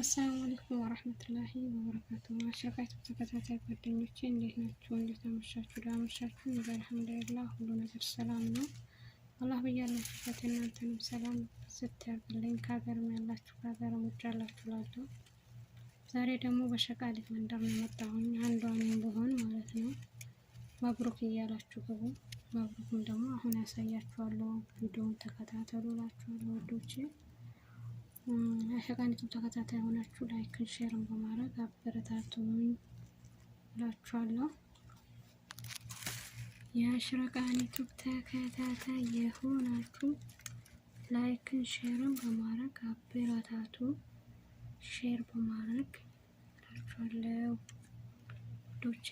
አሰላሙ አለይኩም ወረህመቱላሂ ወበረካቱ። አሻቃይቱ ተከታታይ ጓደኞቼ እንዴት ናችሁ? እንዴት አመሻችሁ? ደህና አመሻችሁ? አልሐምዱሊላህ ሁሉ ነገር ሰላም ነው። አላህ ብያላችሁበት እናንተንም ሰላም ስትያርግልኝ ከሀገርም ያላችሁ ከሀገርም ውጭ ያላችሁ ላለው ዛሬ ደግሞ በሸቃሊት መንደር ነው የመጣሁኝ። አንዷንም ብሆን ማለት ነው መብሩክ እያላችሁ ግቡ። መብሩክም ደግሞ አሁን ያሳያችኋለሁ። ቪዲዮውን ተከታተሉ እላችኋለሁ ወዶቼ አሸጋኒቱም ተከታታይ ሆናችሁ ላይክን ሼርን በማድረግ አበረታቱኝ ብላችኋለሁ። የአሽራቃኒቱብ ተከታታይ የሆናችሁ ላይክን ሼርን በማድረግ አበረታቱ። ሼር በማድረግ ብላችኋለሁ ዶቼ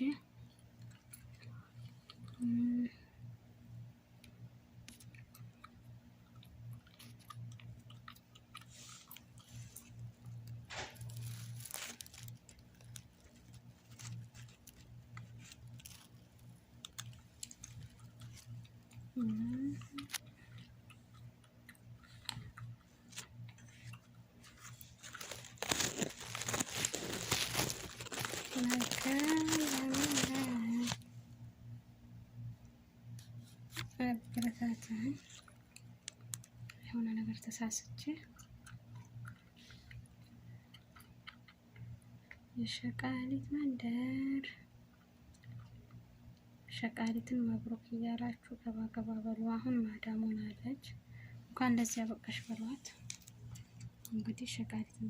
የሆነ ነገር ተሳስቼ የሸቃሊት መንደር ሸቃሊትን መብሩክ እያላችሁ ገባ ገባ በሉ። አሁን ማዳሙን አለች እንኳን እንደዚያ በቃሽ በሏት። እንግዲህ ሸቃሪትን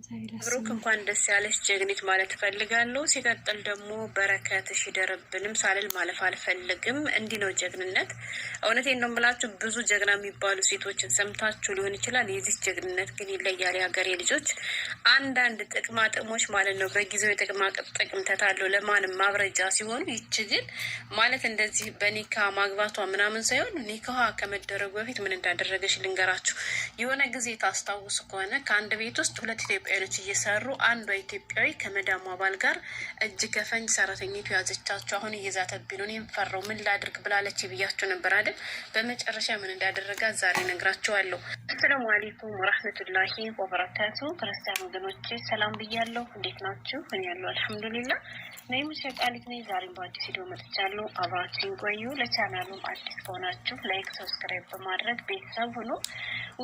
ብሩክ እንኳን ደስ ያለሽ ጀግኒት ማለት እፈልጋለሁ። ሲቀጥል ደግሞ በረከትሽ ይደርብንም ሳልል ማለፍ አልፈልግም። እንዲህ ነው ጀግንነት። እውነቴን ነው የምላችሁ። ብዙ ጀግና የሚባሉ ሴቶችን ሰምታችሁ ሊሆን ይችላል። የዚህ ጀግንነት ግን ይለያል። የሀገሬ ልጆች አንዳንድ ጥቅማ ጥቅሞች ማለት ነው በጊዜው የጥቅማ ጥቅም ተታለው ለማንም ማብረጃ ሲሆኑ፣ ይች ግን ማለት እንደዚህ በኒካ ማግባቷ ምናምን ሳይሆን ኒካዋ ከመደረጉ በፊት ምን እንዳደረገች ልንገራችሁ። የሆነ ጊዜ ታስታውሱ ከሆነ ከአንድ ቤት ውስጥ ሁለት ኢትዮጵያዊች እየሰሩ አንዷ ኢትዮጵያዊ ከመዳሙ አባል ጋር እጅ ከፈንጅ ሰራተኝቱ ያዘቻቸው። አሁን እየዛተብኝ ነው፣ እኔም ምን ላድርግ ብላለች ብያቸው ነበር አይደል? በመጨረሻ ምን እንዳደረጋ ዛሬ ነግራቸዋለሁ። አሰላሙ አሌይኩም ወራህመቱላሂ ወበረካቱ። ክርስቲያን ወገኖች ሰላም ብያለሁ። እንዴት ናችሁ? እኔ ያለው አልሐምዱሊላ። ነይ ሙሴቅ አሊት ነኝ። ዛሬም በአዲስ ሂዶ መጥቻለሁ። አብራችን ቆዩ። ለቻናሉ አዲስ ከሆናችሁ ላይክ፣ ሰብስክራይብ በማድረግ ቤተሰብ ሁኑ።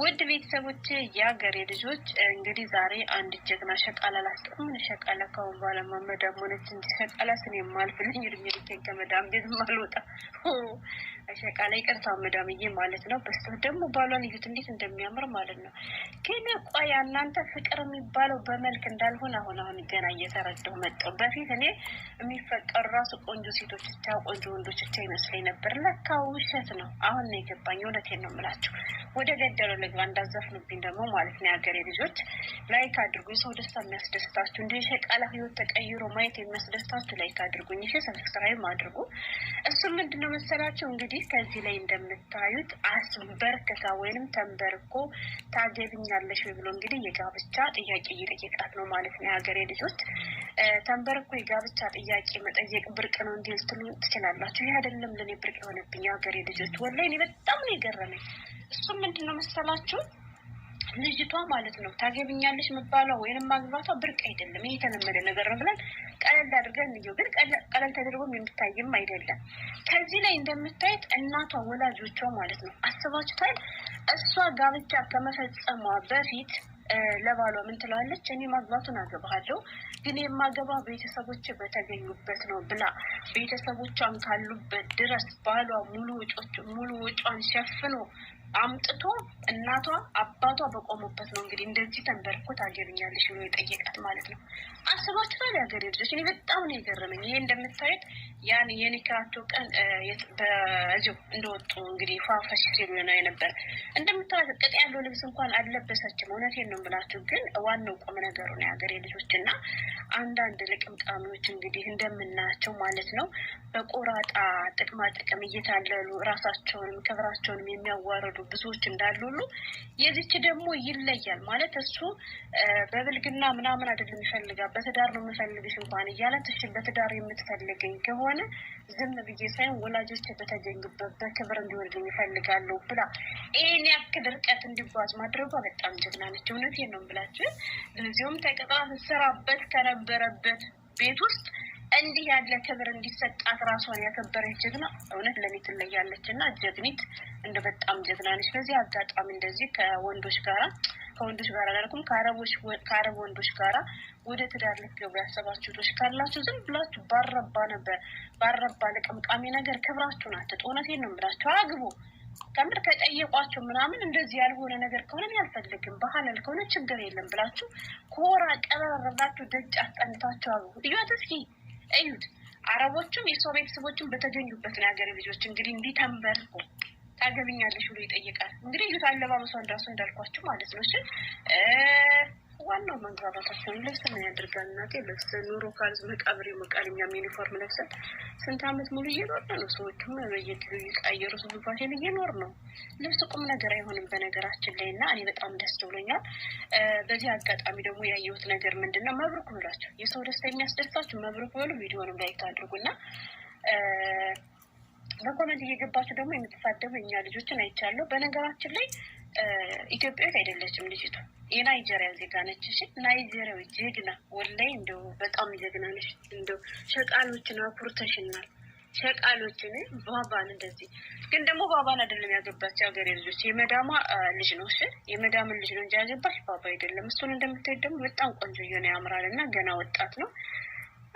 ውድ ቤተሰቦች የሀገሬ ልጆች እንግዲህ ዛሬ አንድ ጀግና ሸቃላ ላስጠምን ሸቃላ ከሁን በኋላ ደግሞ ሆነች እንጂ ሸቃላ ስኔ የማልፍልኝ እድሜ ልኬን ከመዳም ቤት ማልወጣ ሸቃላ ይቅርታ መዳምዬ ማለት ነው። በስተ ደግሞ ባሏን እዩት እንዴት እንደሚያምር ማለት ነው። ግን እቋ ያናንተ ፍቅር የሚባለው በመልክ እንዳልሆነ አሁን አሁን ገና እየተረዳሁ መጣሁ። በፊት እኔ የሚፈቀሩ ራሱ ቆንጆ ሴቶች ብቻ ቆንጆ ወንዶች ብቻ ይመስለኝ ነበር። ለካ ውሸት ነው። አሁን ነው የገባኝ። እውነቴን ነው የምላችሁ። ወደ ገደለው ልግባ እንዳዘፍንብኝ ደግሞ ማለት ነው የሀገሬ ልጅ ልጆች ላይክ አድርጉ። የሰው ደስታ የሚያስደስታችሁ እንዲ የሸቃላ ህይወት ተቀይሮ ማየት የሚያስደስታችሁ ላይክ አድርጉኝ፣ እሺ ሰብስክራይብ አድርጉ። እሱም ምንድነው መሰላቸው እንግዲህ ከዚህ ላይ እንደምታዩት አስበርክታ ወይንም ተንበርኮ ታገብኛለሽ ወይ ብሎ እንግዲህ የጋብቻ ጥያቄ እየጠየቃት ነው ማለት ነው። የሀገሬ ልጆች ተንበርኮ የጋብቻ ጥያቄ መጠየቅ ብርቅ ነው እንዲል ትሉ ትችላላችሁ። ይህ አይደለም ለእኔ ብርቅ የሆነብኝ የሀገሬ ልጆች፣ ወላሂ እኔ በጣም ነው የገረመኝ። እሱም ምንድን ነው መሰላችሁ ልጅቷ ማለት ነው ታገብኛለች መባሏ ወይንም ማግባቷ ብርቅ አይደለም። ይሄ የተለመደ ነገር ነው ብለን ቀለል አድርገን እንየው። ግን ቀለል ተደርጎም የሚታይም አይደለም። ከዚህ ላይ እንደምታየት እናቷ ወላጆቿ ማለት ነው አስባችሁታል። እሷ ጋብቻ ከመፈጸሟ በፊት ለባሏ ምን ትላለች? እኔ ማግባቱን አገባሃለሁ ግን የማገባ ቤተሰቦች በተገኙበት ነው ብላ ቤተሰቦቿን ካሉበት ድረስ ባሏ ሙሉ ወጪዋን ሸፍኖ አምጥቶ እናቷ አባቷ በቆሙበት ነው እንግዲህ እንደዚህ ተንበርኮ ታገብኛለሽ ብሎ የጠየቃት ማለት ነው። አስባችኋል? የሀገሬ ልጆች እኔ በጣም ነው የገረመኝ። ይሄ እንደምታዩት ያን የኒካቸው ቀን በዚ እንደወጡ እንግዲህ ፏፈሽ ሲሉ ነው የነበረ። እንደምታዩት ቅጥ ያለው ልብስ እንኳን አልለበሰችም። እውነቴን ነው ብላችሁ ግን ዋናው ቁም ነገሩ ነው የሀገሬ ልጆች እና አንዳንድ ልቅምቃሚዎች እንግዲህ እንደምናያቸው ማለት ነው በቆራጣ ጥቅማጥቅም እየታለሉ ራሳቸውንም ክብራቸውንም የሚያዋርዱ ብዙዎች እንዳሉ ሁሉ የዚች ደግሞ ይለያል ማለት እሱ በብልግና ምናምን አይደለም ይፈልጋል። በትዳር ነው የምፈልግሽ እንኳን እያለት እሺ፣ በትዳር የምትፈልገኝ ከሆነ ዝም ብዬ ሳይሆን ወላጆች በተገኙበት በክብር እንዲወልድኝ ይፈልጋሉ ብላ ይህን ያክል እርቀት እንዲጓዝ ማድረጓ በጣም ጀግና ነች። እውነቴን ነው ብላችሁ በዚሁም ተቀጣ ስራበት ከነበረበት ቤት ውስጥ እንዲህ ያለ ክብር እንዲሰጣት ራሷን ያከበረች ጀግና እውነት ለኔ ትለያለች እና ጀግኒት እንደ በጣም ጀግና ነች። በዚህ አጋጣሚ እንደዚህ ከወንዶች ጋራ ከወንዶች ጋር አላልኩም፣ ከአረብ ወንዶች ጋራ ወደ ትዳር ልትገቡ ያሰባችሁ ቶች ካላችሁ ዝም ብላችሁ ባረባ ነበር ባረባ ለቀምቃሚ ነገር ክብራችሁን አትጡ። እውነቴን ነው የምላችሁ፣ አግቡ ከምር ከጠየቋቸው ምናምን እንደዚህ ያልሆነ ነገር ከሆነ ያልፈልግም ባህላል ከሆነ ችግር የለም ብላችሁ ኮራ ቀበረባችሁ ደጅ አስጠንታችሁ አግቡ። እዩት እስኪ እዩት። አረቦቹም የሰው ቤተሰቦችን በተገኙበት ነው የሀገር ልጆች እንግዲህ እንዲህ ተንበርኩ ብሎ ይጠይቃል። እንግዲህ እዩት አለባበሷን ራሱ እንዳልኳችሁ ማለት ነው እሺ ዋናው መግባባታችን ልብስ ምን ያደርጋል እናቴ፣ ለብሰ ኑሮ ካልዝ መቃብር መቃል እኛም ዩኒፎርም ለብሰን ስንት አመት ሙሉ እየኖር ነው። ሰዎች ሆነ በየጊዜው እየቀየሩ ሱባሴን እየኖር ነው። ልብስ ቁም ነገር አይሆንም በነገራችን ላይ እና እኔ በጣም ደስ ብሎኛል። በዚህ አጋጣሚ ደግሞ ያየሁት ነገር ምንድን ነው? መብሩክ ብሏቸው የሰው ደስታ የሚያስደስታቸው መብሩክ በሉ። ቪዲዮንም ላይክ አድርጉና በኮመንት እየገባችሁ ደግሞ የምትሳደቡ እኛ ልጆችን አይቻለሁ በነገራችን ላይ ኢትዮጵያዊት አይደለችም ልጅቱ፣ የናይጀሪያ ዜጋ ነች። እሺ ናይጀሪያዊ ጀግና፣ ወላይ እንደ በጣም ጀግና ነች። እንደው ሸቃሎችን አኩርተሽናል። ሸቃሎችን ባባን እንደዚህ ግን ደግሞ ባባን አይደለም ያገባች ሀገሬ ልጆች፣ የመዳማ ልጅ ነው። እሺ የመዳምን ልጅ ነው እንጂ ያገባች ባባ አይደለም። እሱን እንደምታይ ደግሞ በጣም ቆንጆ እየሆነ ያምራል እና ገና ወጣት ነው።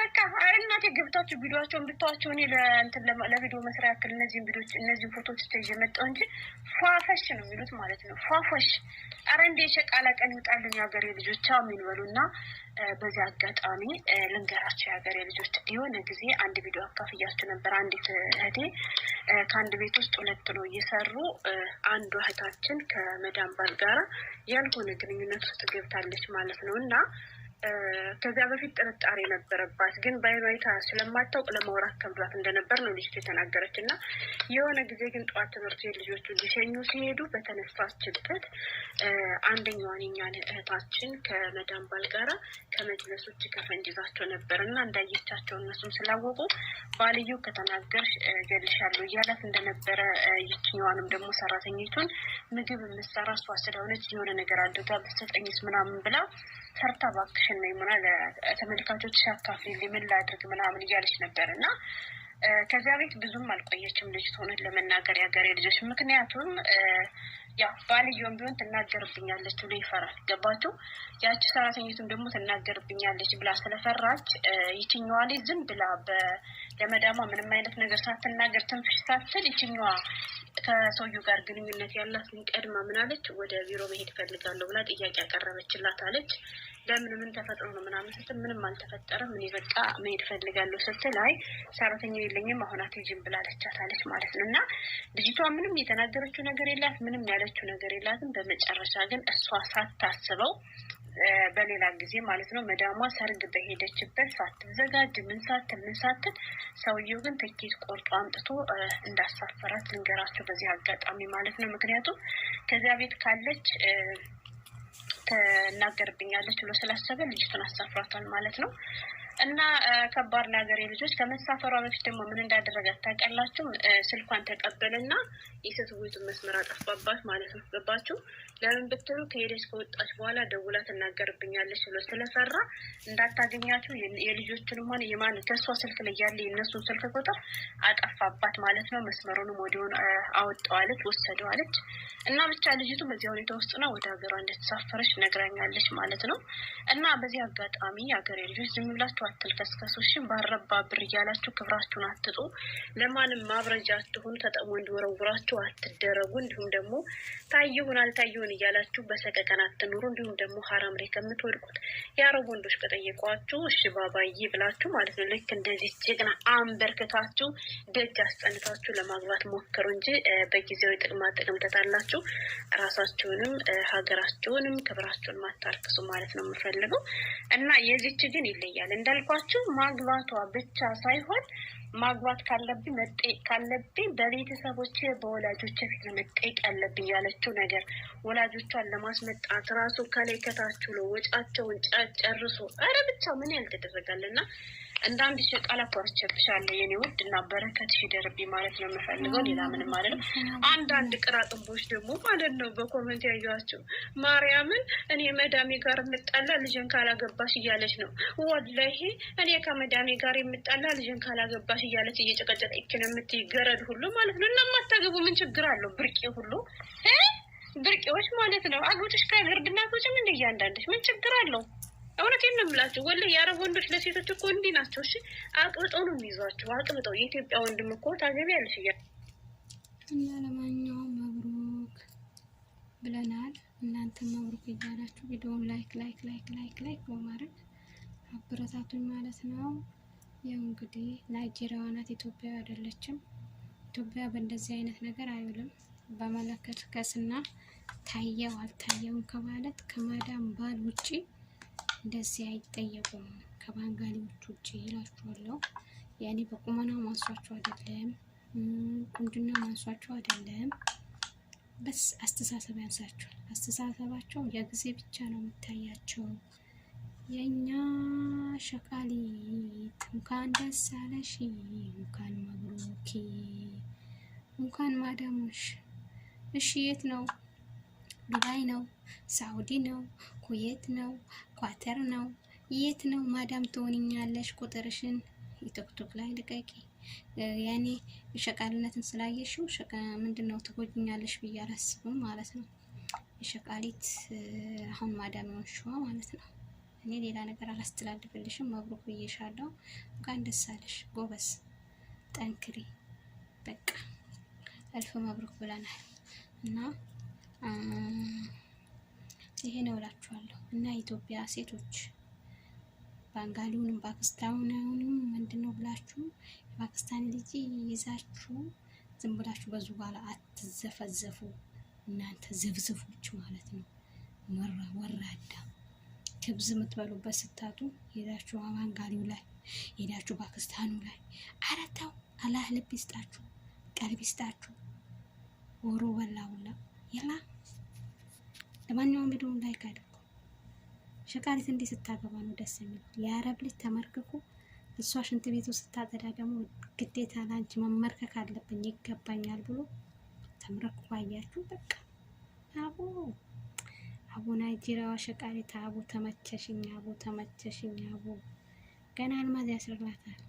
በቃ እናቴ ገብታችሁ ቪዲዮቸውን ብታዋቸው እኔ ለእንትን ለቪዲዮ መስሪያ ያክል እነዚህን ቪዲዮች እነዚህን ፎቶች ተይዤ የመጣው እንጂ ፏፈሽ ነው የሚሉት ማለት ነው። ፏፈሽ አረ እንደ የሸቃላ ቀን ይውጣልን የሀገሬ ልጆች አሜን በሉ እና በዚህ አጋጣሚ ልንገራቸው የሀገሬ ልጆች፣ የሆነ ጊዜ አንድ ቪዲዮ አካፍያቸው ነበር። አንዲት እህቴ ከአንድ ቤት ውስጥ ሁለት ነው እየሰሩ አንዱ እህታችን ከመዳም ባል ጋራ ያልሆነ ግንኙነት ውስጥ ገብታለች ማለት ነው እና ከዚያ በፊት ጥርጣሬ ነበረባት፣ ግን በይኖይታ ስለማታውቅ ለማውራት ከብዷት እንደነበር ነው ልጅቱ የተናገረች እና የሆነ ጊዜ ግን ጠዋት ትምህርት ቤት ልጆቹ ሊሸኙ ሲሄዱ በተነሳችበት አንደኛዋን የእኛን እህታችን ከመዳም ባል ጋራ ከመጅለስ ውጭ ከፈንጅ ይዛቸው ነበር እና እንዳየቻቸው እነሱም ስላወቁ ባልዩ ከተናገርሽ እገልሻለሁ እያላት እንደነበረ ይችኛዋንም ደግሞ ሰራተኞቱን ምግብ የምትሰራ እሷ ስለሆነች የሆነ ነገር አድርጋ ብትሰጠኝስ ምናምን ብላ ሰርታ እባክሽ ሪያክሽን ነው የሆነ ለተመልካቾች ሲያካፍል ምን ላድርግ ምናምን እያለች ነበር እና ከዚያ ቤት ብዙም አልቆየችም ልጅ ትሆነት ለመናገር ያገሬ ልጆች ምክንያቱም ያው ባልየውም ቢሆን ትናገርብኛለች ብሎ ይፈራል። ገባችሁ? ያቺ ሰራተኝቱም ደግሞ ትናገርብኛለች ብላ ስለፈራች ይችኛዋ ላይ ዝም ብላ ለመዳሟ ምንም አይነት ነገር ሳትናገር ትንፍሽ ሳትል ይችኛዋ ከሰውዩ ጋር ግንኙነት ያላትን ቀድማ ምናለች ወደ ቢሮ መሄድ ፈልጋለሁ ብላ ጥያቄ ያቀረበችላት አለች። ለምን ምን ተፈጥሮ ነው ምናምን ስትል ምንም አልተፈጠረም፣ እኔ በቃ መሄድ ፈልጋለሁ ስትል አይ ሰራተኛ የለኝም አሁን አትሄጂም ብላለቻት አለች ማለት ነው። እና ልጅቷ ምንም የተናገረችው ነገር የላት ምንም ያለ ያለችው ነገር የላትም። በመጨረሻ ግን እሷ ሳታስበው በሌላ ጊዜ ማለት ነው መዳሟ ሰርግ በሄደችበት ሳትዘጋጅ ምን ሳትል ምን ሳትል ሰውየው ግን ትኬት ቆርጦ አምጥቶ እንዳሳፈራት ልንገራቸው በዚህ አጋጣሚ ማለት ነው። ምክንያቱም ከዚያ ቤት ካለች ትናገርብኛለች ብሎ ስላሰበ ልጅቱን አሳፍራቷል ማለት ነው። እና ከባድ ለሀገር ልጆች ከመሳፈሯ በፊት ደግሞ ምን እንዳደረጋት ታውቃላችሁ? ስልኳን ተቀበልና የሴት መስመር አጠፋባት ማለት ነው። ገባችሁ? ለምን ብትሉ ከሄደች ከወጣች በኋላ ደውላ ትናገርብኛለች ብሎ ስለፈራ እንዳታገኛችሁ የልጆችንም ሆነ የማን ከእሷ ስልክ ላይ ያለ የእነሱን ስልክ ቁጥር አጠፋባት ማለት ነው። መስመሩንም ወዲሆን አወጠዋለች ወሰደዋለች እና ብቻ ልጅቱ በዚያ ሁኔታ ውስጥ ነው ወደ ሀገሯ እንደተሳፈረች ነግራኛለች ማለት ነው። እና በዚህ አጋጣሚ ሀገሬ ልጆች ዝም ብላችሁ ያላችሁ አትልከስከሱ። እሺ ባረባ ብር እያላችሁ ክብራችሁን አትጡ። ለማንም ማብረጃ አትሁኑ። ተጠቅሞ እንዲወረውራችሁ አትደረጉ። እንዲሁም ደግሞ ታየሁን አልታየሁን እያላችሁ በሰቀቀን አትኑሩ። እንዲሁም ደግሞ ሀራም ላይ ከምትወድቁት የአረብ ወንዶች ከጠየቋችሁ እሺ ባባዬ ብላችሁ ማለት ነው። ልክ እንደዚህ ጀግና አንበርክታችሁ ደጅ አስጠንታችሁ ለማግባት ሞከሩ እንጂ በጊዜያዊ ጥቅማ ጥቅም ተታላችሁ ራሳችሁንም ሀገራችሁንም ክብራችሁን ማታርክሱ ማለት ነው የምፈልገው እና የዚች ግን ይለያል እንደ እንዳልኳችሁ ማግባቷ ብቻ ሳይሆን ማግባት ካለብኝ መጠየቅ ካለብኝ በቤተሰቦች በወላጆች ፊት መጠየቅ ያለብኝ ያለችው ነገር ወላጆቿን ለማስመጣት ራሱ ከላይ ከታች ብሎ ወጫቸውን ጨርሶ ኧረ ብቻ ምን ያልተደረጋልና እንደ አንድ ቃል ኮርቸብሻለሁ የኔ ውድ እና በረከት ይደርብኝ ማለት ነው የምፈልገው። ሌላ ምንም ማለት ነው። አንዳንድ ቅራጥንቦች ደግሞ ማለት ነው በኮመንት ያዩዋቸው ማርያምን፣ እኔ መዳሜ ጋር የምጣላ ልጅን ካላገባሽ እያለች ነው። ወላሂ እኔ ከመዳሜ ጋር የምጣላ ልጅን ካላገባሽ እያለች እየጨቀጨቀ ይክን የምትገረድ ሁሉ ማለት ነው። እና ማታገቡ ምን ችግር አለው? ብርቄ ሁሉ ብርቄዎች ማለት ነው። አግብተሽ ከግርድና ውጭም እንደ እያንዳንደች ምን ችግር አለው? እውነቴን ነው የምላችሁ። ወላሂ የአረብ ወንዶች ለሴቶች እኮ እንዲህ ናቸው። እሺ አቅብጠው ነው የሚይዟቸው፣ አቅብጠው የኢትዮጵያ ወንድም እኮ ታገቢያለሽ እያ እና ለማንኛውም መብሩክ ብለናል። እናንተ መብሩክ እያላችሁ ቪዲዮውን ላይክ ላይክ ላይክ ላይክ ላይክ በማድረግ አበረታቱኝ ማለት ነው። ያው እንግዲህ ናይጄሪያዋ ናት፣ ኢትዮጵያ አይደለችም። ኢትዮጵያ በእንደዚህ አይነት ነገር አይውልም። በመለከት ከስና ታየው አልታየውም ከማለት ከማዳም ባል ውጪ እንደዚህ አይጠየቁም ከባንጋሊዎች ውጭ ይላችኋለሁ። ያኔ በቁመና ማንሷቸው አይደለም፣ ቁንጅና ማንሷቸው አይደለም። በስ አስተሳሰብ ያንሳቸዋል። አስተሳሰባቸው የጊዜ ብቻ ነው የሚታያቸው። የእኛ ሸቃሊት እንኳን ደስ እንኳን መብሩኪ፣ እንኳን ማዳሞሽ። እሺ የት ነው ዱባይ ነው፣ ሳውዲ ነው፣ ኩዌት ነው፣ ኳተር ነው፣ የት ነው ማዳም ትሆንኛለሽ? ቁጥርሽን ቲክቶክ ላይ ልቀቂ። ያኔ ሸቃልነትን ስላየሽው ምንድን ነው ትጎጅኛለሽ ብዬ አላስብም ማለት ነው። የሸቃሊት አሁን ማዳም የሆንሽዋ ማለት ነው። እኔ ሌላ ነገር አላስተላልፍልሽም። መብሩክ ብዬሻለሁ። እንኳን ደስ አለሽ ጎበዝ፣ ጠንክሪ። በቃ እልፍ መብሩክ ብለናል እና ይሄ ነው እላችኋለሁ። እና ኢትዮጵያ ሴቶች ባንጋሊውንም ፓኪስታኑንም ምንድን ነው ብላችሁ የፓኪስታን ልጅ ይዛችሁ ዝም ብላችሁ በዙ በኋላ አትዘፈዘፉ። እናንተ ዘብዘፎች ማለት ነው። ወራ ወራዳ ክብዝ የምትበሉበት ስታጡ ሄዳችሁ ባንጋሊው ላይ ሄዳችሁ ፓኪስታኑ ላይ አረታው አላህ ልብ ይስጣችሁ፣ ቀልብ ይስጣችሁ። ወሮ በላውላ ይላ ለማንኛውም ቪዲዮውን ላይክ አድርጉ። ሸቃሪት እንዲህ ስታገባ ነው ደስ የሚል የአረብ ልጅ ተመርክኩ። እሷ ሽንት ቤቱ ስታጠዳ ደግሞ ግዴታ ላንቺ መመርከክ አለብኝ ይገባኛል ብሎ ተመረኩ። አያችሁ በቃ አቦ አቦ ናይጄሪያዋ ሸቃሪት አቦ ተመቸሽኝ፣ አቦ ተመቸሽኝ፣ አቦ ገና አልማዝ ያስርላታል።